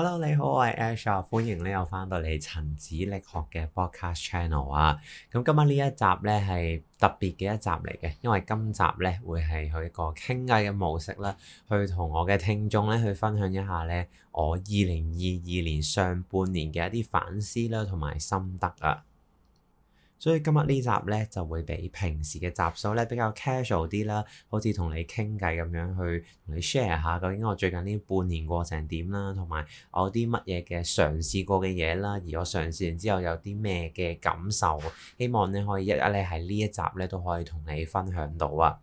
Hello，你好，我係 Ash，啊，歡迎咧又翻到嚟陳子力學嘅 Podcast Channel 啊。咁今日呢一集咧係特別嘅一集嚟嘅，因為今集咧會係去一個傾偈嘅模式啦，去同我嘅聽眾咧去分享一下咧我二零二二年上半年嘅一啲反思啦同埋心得啊。所以今日呢集咧就會比平時嘅集數咧比較 casual 啲啦，好似同你傾偈咁樣去同你 share 下究竟我最近呢半年過程點啦，同埋我有啲乜嘢嘅嘗試過嘅嘢啦，而我嘗試完之後有啲咩嘅感受，希望你可以一一咧喺呢一集咧都可以同你分享到啊。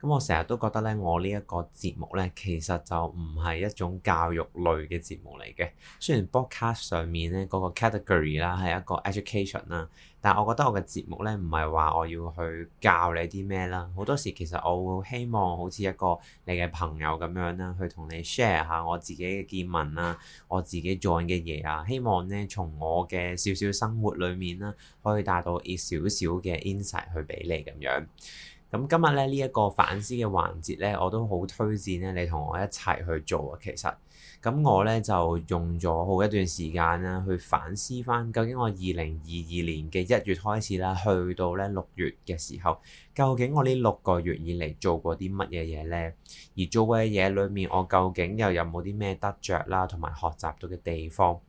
咁我成日都覺得咧，我呢一個節目咧，其實就唔係一種教育類嘅節目嚟嘅。雖然 Podcast 上面咧嗰個 category 啦係一個 education 啦，但係我覺得我嘅節目咧唔係話我要去教你啲咩啦。好多時其實我會希望好似一個你嘅朋友咁樣啦，去同你 share 下我自己嘅見聞啊，我自己做緊嘅嘢啊。希望咧從我嘅少少生活裡面啦，可以帶到一少少嘅 insight 去俾你咁樣。咁今日咧呢一個反思嘅環節咧，我都好推薦咧你同我一齊去做啊。其實咁我咧就用咗好一段時間啦，去反思翻究竟我二零二二年嘅一月開始啦，去到咧六月嘅時候，究竟我呢六個月以嚟做過啲乜嘢嘢呢？而做過嘅嘢裏面，我究竟又有冇啲咩得着啦，同埋學習到嘅地方？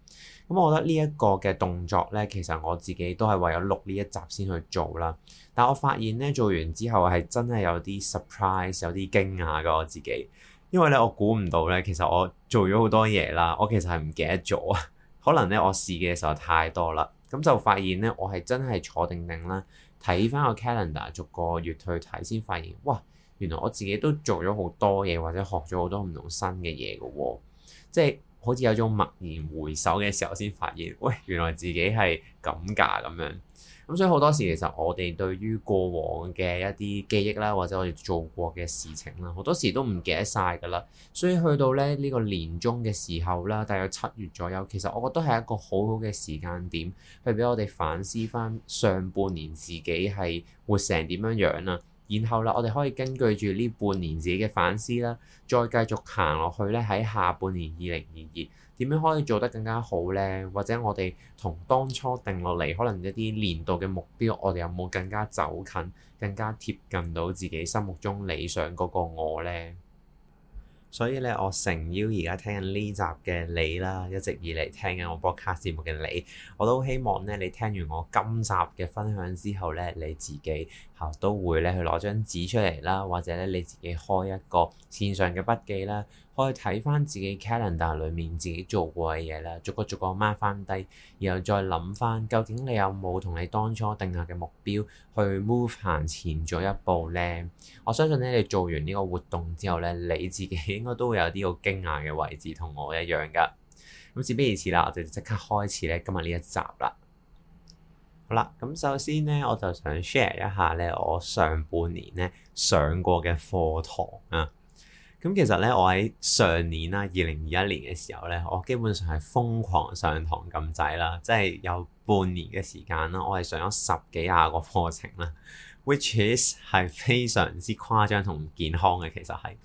咁我覺得呢一個嘅動作呢，其實我自己都係為咗錄呢一集先去做啦。但我發現呢，做完之後係真係有啲 surprise，有啲驚訝嘅我自己，因為呢，我估唔到呢，其實我做咗好多嘢啦，我其實係唔記得咗，可能呢，我試嘅時候太多啦，咁、嗯、就發現呢，我係真係坐定定啦，睇翻個 calendar 逐個月去睇，先發現哇，原來我自己都做咗好多嘢，或者學咗好多唔同的新嘅嘢嘅喎，即係。好似有種默然回首嘅時候，先發現，喂，原來自己係咁㗎咁樣。咁所以好多時，其實我哋對於過往嘅一啲記憶啦，或者我哋做過嘅事情啦，好多時都唔記得晒㗎啦。所以去到咧呢、個年中嘅時候啦，大約七月左右，其實我覺得係一個好好嘅時間點，去俾我哋反思翻上半年自己係活成點樣樣啦。然後啦，我哋可以根據住呢半年自己嘅反思啦，再繼續行落去咧。喺下半年二零二二，點樣可以做得更加好呢？或者我哋同當初定落嚟可能一啲年度嘅目標，我哋有冇更加走近、更加貼近到自己心目中理想嗰個我呢？所以咧，我誠邀而家聽緊呢集嘅你啦，一直以嚟聽緊我播客節目嘅你，我都希望咧，你聽完我今集嘅分享之後咧，你自己，都會咧，去攞張紙出嚟啦，或者咧你自己開一個線上嘅筆記啦，可以睇翻自己 calendar 裏面自己做過嘅嘢啦，逐個逐個 mark 翻低，然後再諗翻究竟你有冇同你當初定下嘅目標去 move 行前咗一步呢？我相信咧你做完呢個活動之後咧，你自己應該都會有啲好驚訝嘅位置，同我一樣噶。咁事不宜此事不宜遲啦，我哋即刻開始咧今日呢一集啦。好啦，咁首先咧，我就想 share 一下咧，我上半年咧上過嘅課堂啊。咁其實咧，我喺上年啦，二零二一年嘅時候咧，我基本上係瘋狂上堂撳掣啦，即係有半年嘅時間啦，我係上咗十幾廿個課程啦，which is 係非常之誇張同唔健康嘅，其實係。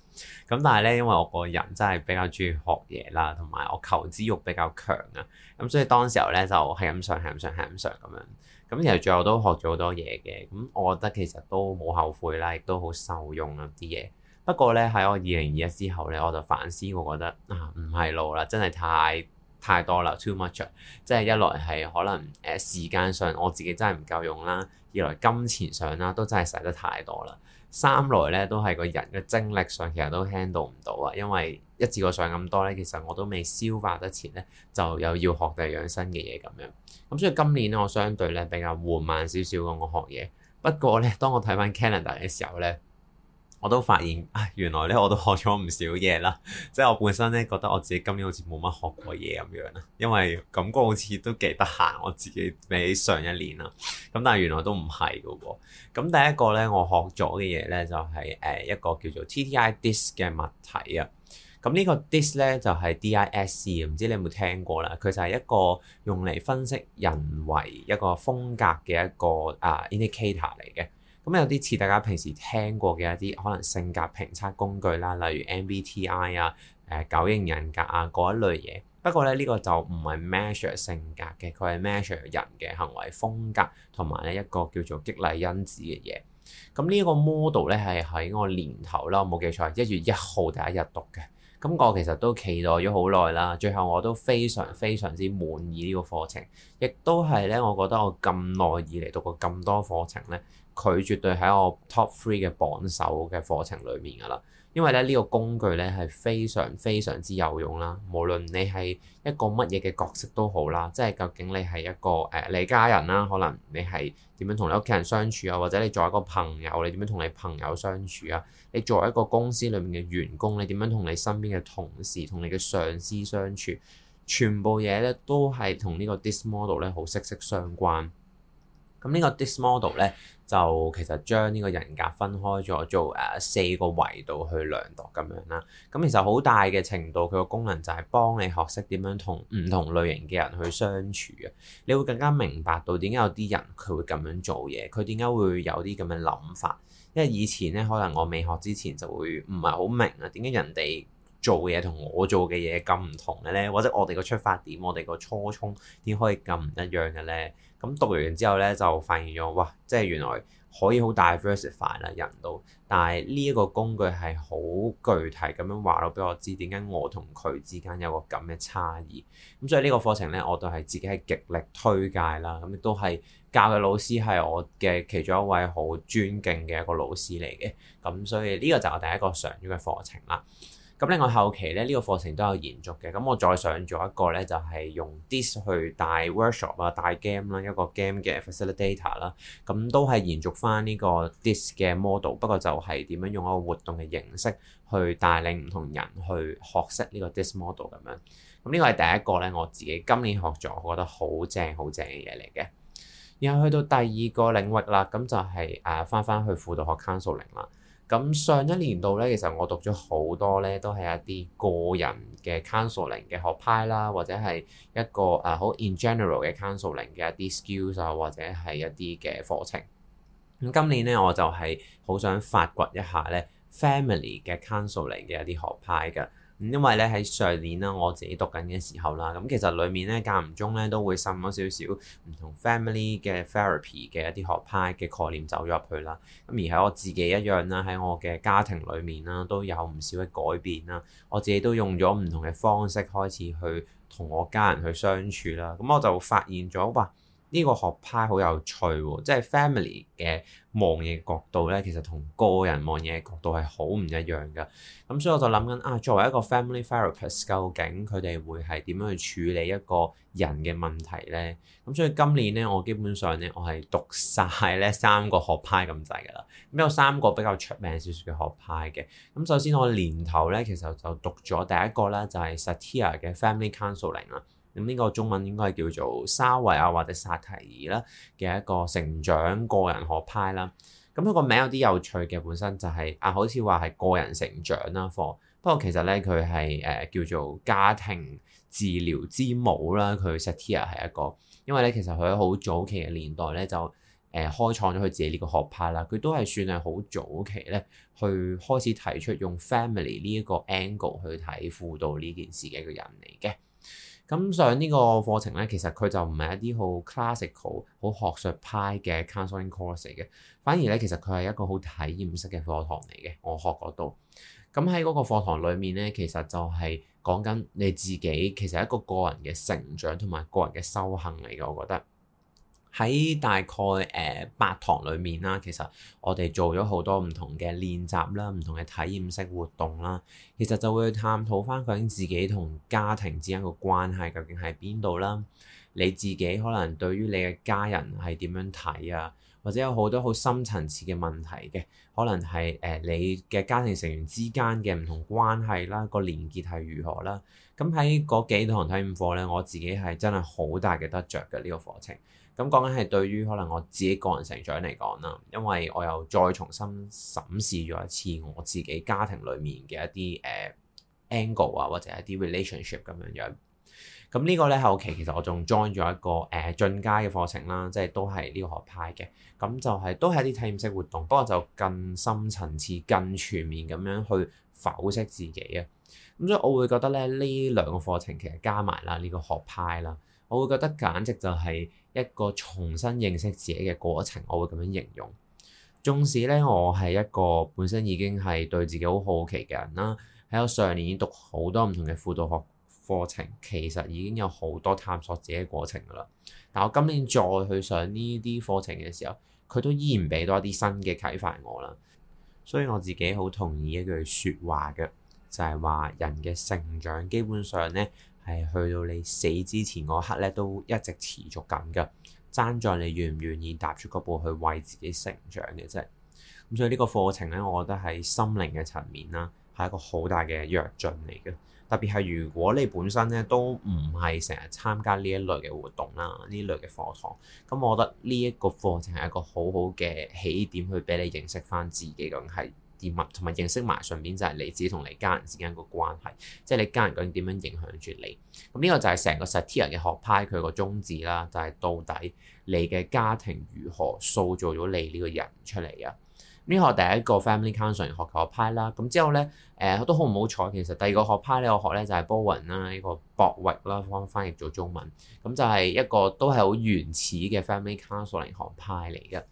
咁但係咧，因為我個人真係比較中意學嘢啦，同埋我求知欲比較強啊，咁所以當時候咧就係咁上，係咁上，係咁上咁樣。咁其實最後都學咗好多嘢嘅，咁我覺得其實都冇後悔啦，亦都好受用啊啲嘢。不過咧，喺我二零二一之後咧，我就反思，我覺得啊，唔係路啦，真係太太多啦，too much。即係一來係可能誒、呃、時間上我自己真係唔夠用啦，二來金錢上啦都真係使得太多啦，三來咧都係個人嘅精力上其實都 handle 唔到啊，因為。一次過上咁多呢，其實我都未消化得前呢，就有要學定養生嘅嘢咁樣。咁所以今年呢，我相對呢，比較緩慢少少咁。我學嘢，不過呢，當我睇翻 calendar 嘅時候呢，我都發現啊，原來呢，我都學咗唔少嘢啦。 即係我本身呢，覺得我自己今年好似冇乜學過嘢咁樣啦，因為感覺好似都幾得閒。我自己比起上一年啦，咁但係原來都唔係嘅喎。咁第一個呢，我學咗嘅嘢呢，就係、是、誒一個叫做 TTI DISC 嘅物體啊。咁呢個 DIS 咧，就係、係、D.I.S.C. 唔知你有冇聽過啦？佢就係一個用嚟分析人為一個風格嘅一個啊、uh, indicator 嚟嘅。咁有啲似大家平時聽過嘅一啲可能性格評測工具啦，例如 M.B.T.I. 啊，誒九型人格啊嗰一類嘢。不過咧呢、呢個就唔係 measure 性格嘅，佢係 measure 人嘅行為風格同埋咧一個叫做激勵因子嘅嘢。咁呢個 model 咧，係喺我年頭啦，冇記錯一月一號第一日讀嘅。咁我其實都期待咗好耐啦，最後我都非常非常之滿意呢個課程，亦都係咧，我覺得我咁耐以嚟讀過咁多課程咧，佢絕對喺我 Top Three 嘅榜首嘅課程裡面㗎啦。因為咧，呢個工具咧係非常非常之有用啦，無論你係一個乜嘢嘅角色都好啦，即係究竟你係一個誒你家人啦，可能你係點樣同你屋企人相處啊，或者你作為一個朋友，你點樣同你朋友相處啊？你作為一個公司裏面嘅員工，你點樣同你身邊嘅同事同你嘅上司相處？全部嘢咧都係同呢個 DISC model 咧好息息相關。咁呢個 DISC model 咧。就其實將呢個人格分開咗，做誒、呃、四個維度去量度咁樣啦。咁其實好大嘅程度，佢個功能就係幫你學識點樣同唔同類型嘅人去相處啊。你會更加明白到點解有啲人佢會咁樣做嘢，佢點解會有啲咁樣諗法。因為以前咧，可能我未學之前就會唔係好明啊，點解人哋做嘢同我做嘅嘢咁唔同嘅咧，或者我哋個出發點、我哋個初衷點可以咁唔一樣嘅咧？咁讀完之後咧，就發現咗哇，即係原來可以好 diversify 啦，人都，但係呢一個工具係好具體咁樣話咗俾我知點解我同佢之間有個咁嘅差異。咁所以呢個課程咧，我都係自己係極力推介啦。咁亦都係教嘅老師係我嘅其中一位好尊敬嘅一個老師嚟嘅。咁所以呢個就係我第一個嘗試嘅課程啦。咁另外後期咧呢、這個課程都有延續嘅，咁我再上咗一個咧就係、是、用 DISC 去帶 workshop 啊、帶 game 啦，一個 game 嘅 facilitator 啦，咁都係延續翻呢個 DISC 嘅 model，不過就係點樣用一個活動嘅形式去帶領唔同人去學識呢個 DISC model 咁樣。咁呢個係第一個咧，我自己今年學咗，我覺得好正好正嘅嘢嚟嘅。然後去到第二個領域啦，咁就係誒翻翻去輔導學 counselling 啦。咁上一年度咧，其實我讀咗好多咧，都係一啲個人嘅 counseling 嘅學派啦，或者係一個誒好 in general 嘅 counseling 嘅一啲 skills 啊，或者係一啲嘅課程。咁、嗯、今年咧，我就係好想發掘一下咧 family 嘅 counseling 嘅一啲學派嘅。因為咧喺上年啦，我自己讀緊嘅時候啦，咁其實裡面咧間唔中咧都會滲咗少少唔同 family 嘅 therapy 嘅一啲學派嘅概念走入去啦。咁而喺我自己一樣啦，喺我嘅家庭裡面啦，都有唔少嘅改變啦。我自己都用咗唔同嘅方式開始去同我家人去相處啦。咁我就發現咗嘩。呢個學派好有趣喎，即係 family 嘅望嘢角度咧，其實同個人望嘢嘅角度係好唔一樣噶。咁所以我就諗緊啊，作為一個 family therapist，究竟佢哋會係點樣去處理一個人嘅問題咧？咁所以今年咧，我基本上咧，我係讀晒咧三個學派咁滯㗎啦。咁有三個比較出名少少嘅學派嘅。咁首先我年頭咧，其實就讀咗第一個啦，就係 Satir 嘅 family counselling 啦。咁呢個中文應該係叫做沙維亞、啊、或者薩提爾啦嘅一個成長個人學派啦。咁佢個名有啲有趣嘅，本身就係、是、啊，好似話係個人成長啦課。For, 不過其實咧，佢係誒叫做家庭治療之母啦。佢薩提爾係一個，因為咧其實佢喺好早期嘅年代咧就誒、呃、開創咗佢自己呢個學派啦。佢都係算係好早期咧去開始提出用 family 呢一個 angle 去睇輔導呢件事嘅一個人嚟嘅。咁上呢個課程咧，其實佢就唔係一啲好 classical、好學術派嘅 counseling course 嚟嘅，反而咧其實佢係一個好體驗式嘅課堂嚟嘅。我學過都，咁喺嗰個課堂裡面咧，其實就係講緊你自己，其實一個個人嘅成長同埋個人嘅修行嚟嘅，我覺得。喺大概誒、呃、八堂裏面啦，其實我哋做咗好多唔同嘅練習啦，唔同嘅體驗式活動啦，其實就會探討翻究竟自己同家庭之間嘅關係究竟喺邊度啦。你自己可能對於你嘅家人係點樣睇啊，或者有好多好深層次嘅問題嘅，可能係誒、呃、你嘅家庭成員之間嘅唔同關係啦，個連結係如何啦。咁喺嗰幾堂體驗課咧，我自己係真係好大嘅得着嘅呢個課程。咁講緊係對於可能我自己個人成長嚟講啦，因為我又再重新審視咗一次我自己家庭裡面嘅一啲誒、uh, angle 啊，或者一啲 relationship 咁樣樣。咁呢個咧後期其實我仲 join 咗一個誒、uh, 進階嘅課程啦，即係都係呢個學派嘅。咁就係都係一啲體驗式活動，不過就更深層次、更全面咁樣去剖析自己啊。咁所以我會覺得咧，呢兩個課程其實加埋啦，呢、這個學派啦。我會覺得簡直就係一個重新認識自己嘅過程，我會咁樣形容。縱使咧我係一個本身已經係對自己好好奇嘅人啦，喺我上年已經讀好多唔同嘅輔導學課程，其實已經有好多探索自己嘅過程噶啦。但我今年再去上呢啲課程嘅時候，佢都依然俾多一啲新嘅啟發我啦。所以我自己好同意一句說話嘅，就係話人嘅成長基本上咧。係去到你死之前嗰刻咧，都一直持續緊嘅，爭在你願唔願意踏出嗰步去為自己成長嘅啫。咁所以呢個課程咧，我覺得係心靈嘅層面啦，係一個好大嘅躍進嚟嘅。特別係如果你本身咧都唔係成日參加呢一類嘅活動啦，呢類嘅課堂，咁我覺得呢一個課程係一個好好嘅起點，去俾你認識翻自己咁係。同埋認識埋，順便就係你自己同你家人之間個關係，即係你家人究竟點樣影響住你？咁呢個就係成個 Satir 嘅學派佢個宗旨啦，就係、是、到底你嘅家庭如何塑造咗你呢個人出嚟啊？呢個第一個 family counselling 學學派啦，咁之後呢，誒、呃、都好唔好彩，其實第二個學派呢，我學呢就係 Bowen 啦，呢、這個博域啦，幫翻譯咗中文，咁就係一個都係好原始嘅 family counselling 學派嚟嘅。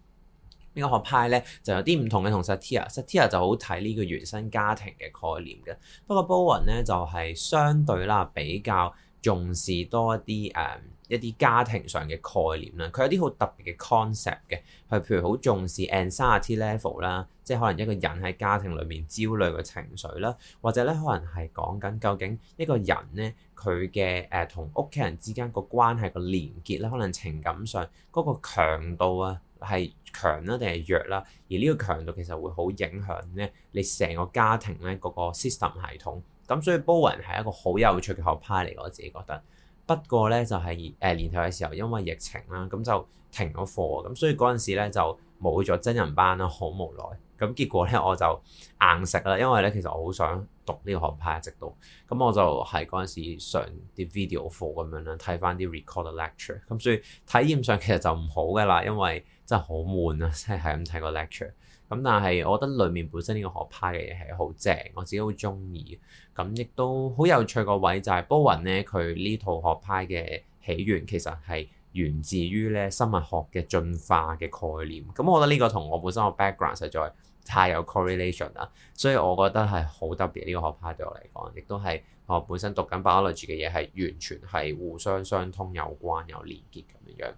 呢個學派咧就有啲唔同嘅同 Satir，Satir 就好睇呢個原生家庭嘅概念嘅。不過 Bowen 咧就係、是、相對啦比較重視多一啲誒、嗯、一啲家庭上嘅概念啦。佢有啲好特別嘅 concept 嘅，係譬如好重視 anxiety level 啦，即係可能一個人喺家庭裏面焦慮嘅情緒啦，或者咧可能係講緊究竟一個人咧佢嘅誒同屋企人之間個關係個連結咧，可能情感上嗰個強度啊～係強啦定係弱啦，而呢個強度其實會好影響咧你成個家庭咧嗰、那個 system 系統。咁所以 Bowen 係一個好有趣嘅學派嚟，我自己覺得。不過咧就係、是、誒年頭嘅時候，因為疫情啦，咁就停咗課，咁所以嗰陣時咧就冇咗真人班啦，好無奈。咁結果咧我就硬食啦，因為咧其實我好想讀呢個學派，直到咁我就係嗰陣時上啲 video 課咁樣啦，睇返啲 recorded lecture。咁所以體驗上其實就唔好噶啦，因為真係好悶啊！真係係咁睇個 lecture，咁但係我覺得裡面本身呢個學派嘅嘢係好正，我自己好鍾意。咁亦都好有趣個位就係波雲呢，佢呢套學派嘅起源其實係源自於呢生物學嘅進化嘅概念。咁我覺得呢個同我本身個 background 實在太有 correlation 啦，所以我覺得係好特別呢個學派對我嚟講，亦都係我本身讀緊 biology 嘅嘢係完全係互相相通有關有連結咁樣樣。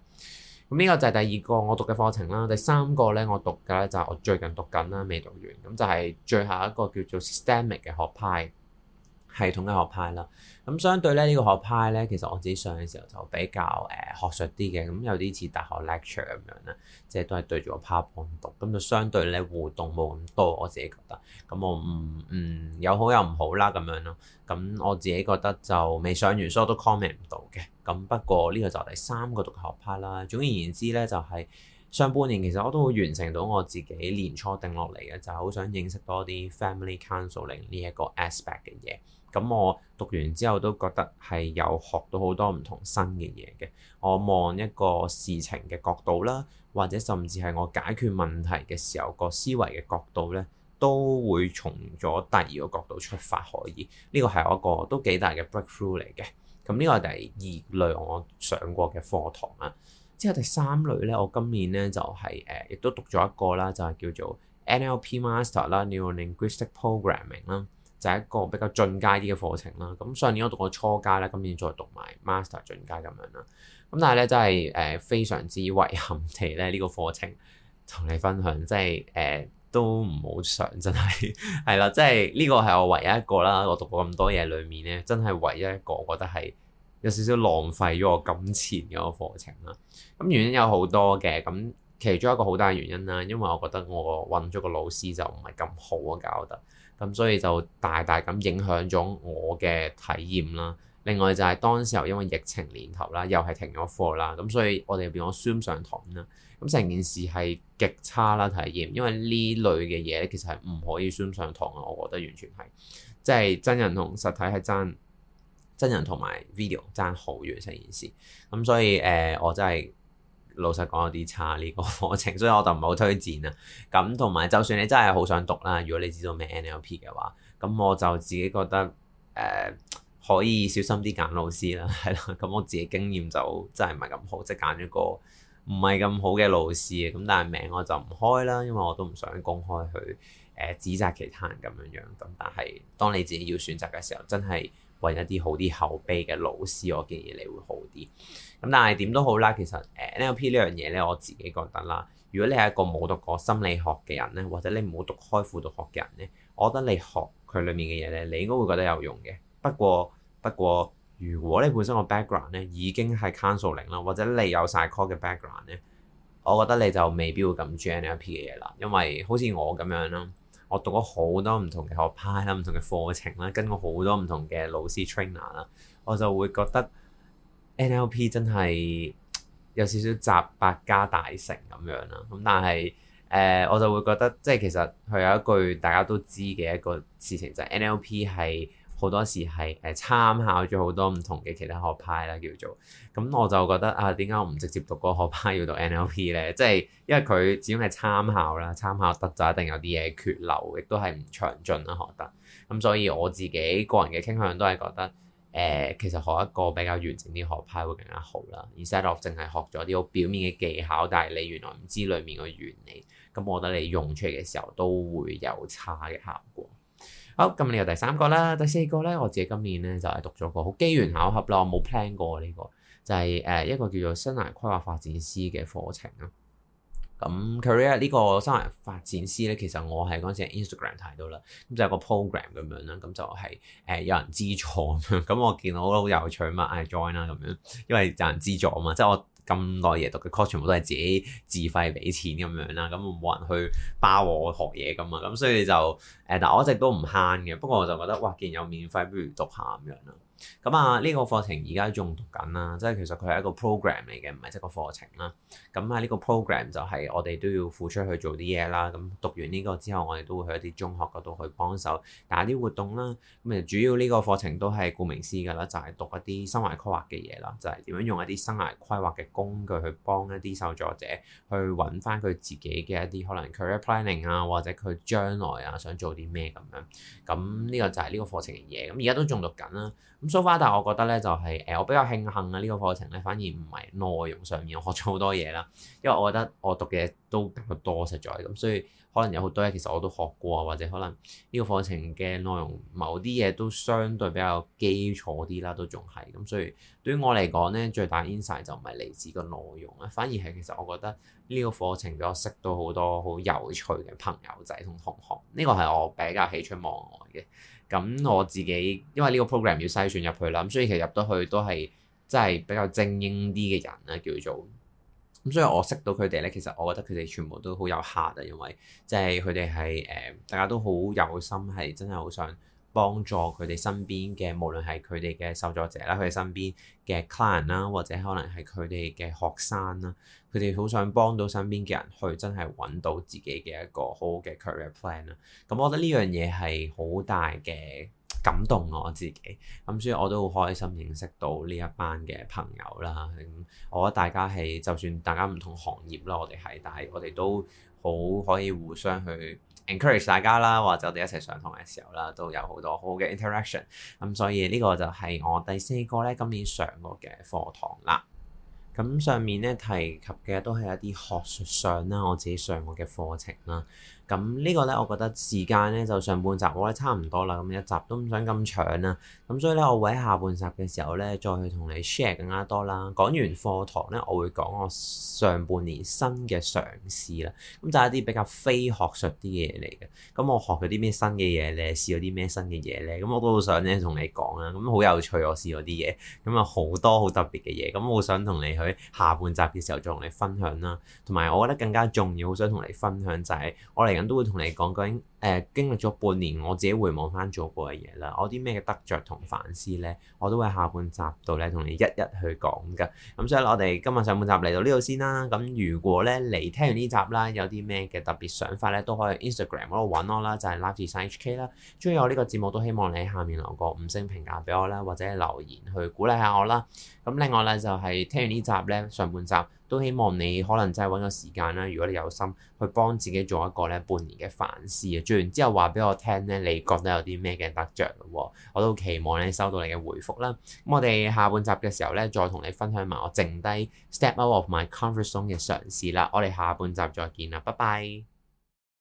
咁呢個就係第二個我讀嘅課程啦，第三個呢我讀嘅呢就係我最近讀緊啦，未讀完，咁就係最後一個叫做 systemic 嘅學派。系統嘅學派啦，咁相對咧呢、這個學派咧，其實我自己上嘅時候就比較誒、呃、學術啲嘅，咁有啲似大學 lecture 咁樣啦，即係都係對住個 paper 讀，咁就相對咧互動冇咁多，我自己覺得，咁我唔唔、嗯嗯、有好有唔好啦咁樣咯，咁我自己覺得就未上完，所以我都 comment 唔到嘅，咁不過呢個就係第三個讀學派啦。總而言之咧，就係、是、上半年其實我都會完成到我自己年初定落嚟嘅，就好、是、想認識多啲 family counselling 呢一個 aspect 嘅嘢。咁我讀完之後都覺得係有學到好多唔同新嘅嘢嘅。我望一個事情嘅角度啦，或者甚至係我解決問題嘅時候個思維嘅角度咧，都會從咗第二個角度出發。可以呢個係我一個都幾大嘅 breakthrough 嚟嘅。咁呢個係第二類我上過嘅課堂啊。之後第三類咧，我今年咧就係誒亦都讀咗一個啦，就係叫做 NLP Master 啦，Neuro Linguistic Programming 啦。就係一個比較進階啲嘅課程啦。咁上年我讀過初階啦，今年再讀埋 master 進階咁樣啦。咁但係咧真係誒、呃、非常之遺憾地咧呢、呢個課程同你分享，即係誒都唔好上，真係係 啦。即係呢個係我唯一一個啦。我讀過咁多嘢裡面咧，真係唯一一個我覺得係有少少浪費咗我金錢嘅一個課程啦。咁原因有好多嘅咁。其中一個好大原因啦，因為我覺得我揾咗個老師就唔係咁好啊，搞得，咁所以就大大咁影響咗我嘅體驗啦。另外就係當時候因為疫情年頭啦，又係停咗課啦，咁所以我哋變咗 Zoom 上堂啦。咁成件事係極差啦體驗，因為呢類嘅嘢其實係唔可以 Zoom 上堂啊。我覺得完全係，即係真人同實體係爭真人同埋 video 爭好遠成件事。咁所以誒、呃，我真係～老實講有啲差呢個課程，所以我就唔好推薦啦。咁同埋就算你真係好想讀啦，如果你知道咩 NLP 嘅話，咁我就自己覺得誒、呃、可以小心啲揀老師啦，係啦。咁我自己經驗就真係唔係咁好，即係揀咗個唔係咁好嘅老師。咁但係名我就唔開啦，因為我都唔想公開去誒、呃、指責其他人咁樣樣。咁但係當你自己要選擇嘅時候，真係。揾一啲好啲口碑嘅老師，我建議你會好啲。咁但係點都好啦，其實誒 NLP 呢樣嘢咧，我自己覺得啦，如果你係一個冇讀過心理學嘅人咧，或者你冇讀開輔導學嘅人咧，我覺得你學佢裡面嘅嘢咧，你應該會覺得有用嘅。不過不過，如果你本身個 background 咧已經係 counseling 啦，或者你有晒 call 嘅 background 咧，我覺得你就未必會咁中意 NLP 嘅嘢啦，因為好似我咁樣啦。我讀咗好多唔同嘅學派啦，唔同嘅課程啦，跟過好多唔同嘅老師 trainer 啦，我就會覺得 NLP 真係有少少集百家大成咁樣啦。咁但係誒、呃，我就會覺得即係其實佢有一句大家都知嘅一個事情就係、係、NLP 係。好多時係誒參考咗好多唔同嘅其他學派啦，叫做咁我就覺得啊，點解我唔直接讀嗰個學派，要讀 NLP 咧？即係因為佢始終係參考啦，參考得就一定有啲嘢缺漏，亦都係唔長進啦，學得咁，所以我自己個人嘅傾向都係覺得誒、呃，其實學一個比較完整啲學派會更加好啦。Instead of 淨係學咗啲好表面嘅技巧，但係你原來唔知裡面嘅原理，咁我覺得你用出嚟嘅時候都會有差嘅效果。好，咁你又第三個啦，第四個咧，我自己今年咧就係、是、讀咗個好機緣巧合啦，我冇 plan 過呢、這個，就係、是、誒一個叫做生涯規劃發展師嘅課程啦。咁 career 呢個生涯發展師咧，其實我係嗰陣時喺 Instagram 睇到啦，咁就是、個 program 咁樣啦，咁就係誒有人資助咁樣，咁 我見到好有趣嘛，I join 啦咁樣，因為有人資助啊嘛，即係我。咁耐嘢讀嘅 course 全部都係自己自費俾錢咁樣啦，咁冇人去包我學嘢咁嘛，咁所以就誒，但係我一直都唔慳嘅，不過我就覺得，哇，既然有免費，不如讀下咁樣啦。咁啊，呢個課程而家仲讀緊啦，即係其實佢係一個 program 嚟嘅，唔係即係個課程啦。咁啊，呢個 program 就係我哋都要付出去做啲嘢啦。咁讀完呢個之後，我哋都會去一啲中學嗰度去幫手但打啲活動啦。咁誒，主要呢個課程都係顧名思義㗎啦，就係、係、讀一啲生，、就係、生涯規劃嘅嘢啦，就係點樣用一啲生涯規劃嘅工具去幫一啲受助者去揾翻佢自己嘅一啲可能 career planning 啊，或者佢將來啊想做啲咩咁樣。咁呢個就係呢個課程嘅嘢。咁而家都仲讀緊啦。蘇花帶，但我覺得咧就係、是、誒、呃，我比較慶幸啊！呢個課程咧反而唔係內容上面，我學咗好多嘢啦。因為我覺得我讀嘅都比較多實在，咁所以可能有好多嘢其實我都學過，或者可能呢個課程嘅內容某啲嘢都相對比較基礎啲啦，都仲係咁。所以對於我嚟講咧，最大 insight 就唔係嚟自個內容啊，反而係其實我覺得呢個課程俾我識到好多好有趣嘅朋友仔同同學，呢、這個係我比較喜出望外嘅。咁我自己，因為呢個 program 要篩選入去啦，咁所以其實入到去都係真係比較精英啲嘅人啦，叫做咁。所以我識到佢哋咧，其實我覺得佢哋全部都好有 heart 啊，因為即係佢哋係誒，大家都好有心，係真係好想。幫助佢哋身邊嘅，無論係佢哋嘅受助者啦，佢哋身邊嘅 client 啦，或者可能係佢哋嘅學生啦，佢哋好想幫到身邊嘅人去真係揾到自己嘅一個好好嘅 career plan 啦。咁、嗯、我覺得呢樣嘢係好大嘅感動我自己。咁、嗯、所以我都好開心認識到呢一班嘅朋友啦、嗯。我覺得大家係就算大家唔同行業啦，我哋係，但係我哋都好可以互相去，encourage 大家啦，或者我哋一齊上堂嘅時候啦，都有好多好嘅 interaction。咁、嗯、所以呢個就係我第四個呢，今年上過嘅課堂啦。咁上面咧提及嘅都係一啲學術上啦，我自己上過嘅課程啦。咁呢個咧，我覺得時間咧就上半集我覺得差唔多啦，咁一集都唔想咁長啦。咁所以咧，我會喺下半集嘅時候咧，再去同你 share 更加多啦。講完課堂咧，我會講我上半年新嘅嘗試啦。咁就係一啲比較非學術啲嘢嚟嘅。咁我學咗啲咩新嘅嘢？你試咗啲咩新嘅嘢咧？咁我都好想咧同你講啦。咁好有趣，我試咗啲嘢，咁啊好多好特別嘅嘢。咁我想同你去。下半集嘅時候再同你分享啦，同埋我覺得更加重要，我想同你分享就係我嚟緊都會同你講究竟。誒、呃、經歷咗半年，我自己回望翻做過嘅嘢啦，我啲咩得着同反思呢？我都會下半集到咧同你一一去講噶。咁所以我哋今日上半集嚟到呢度先啦。咁如果呢，你聽完呢集啦，有啲咩嘅特別想法呢，都可以 Instagram 嗰度揾我啦，就係、是、Life Design HK 啦。中意我呢個節目都希望你喺下面留個五星評價俾我啦，或者留言去鼓勵下我啦。咁另外呢，就係、是、聽完呢集呢，上半集。都希望你可能真係揾個時間啦，如果你有心去幫自己做一個咧半年嘅反思啊，做完之後話俾我聽咧，你覺得有啲咩嘅得着？我都期望咧收到你嘅回覆啦。咁我哋下半集嘅時候咧，再同你分享埋我剩低 step out of my comfort zone 嘅嘗試啦。我哋下半集再見啦，拜拜。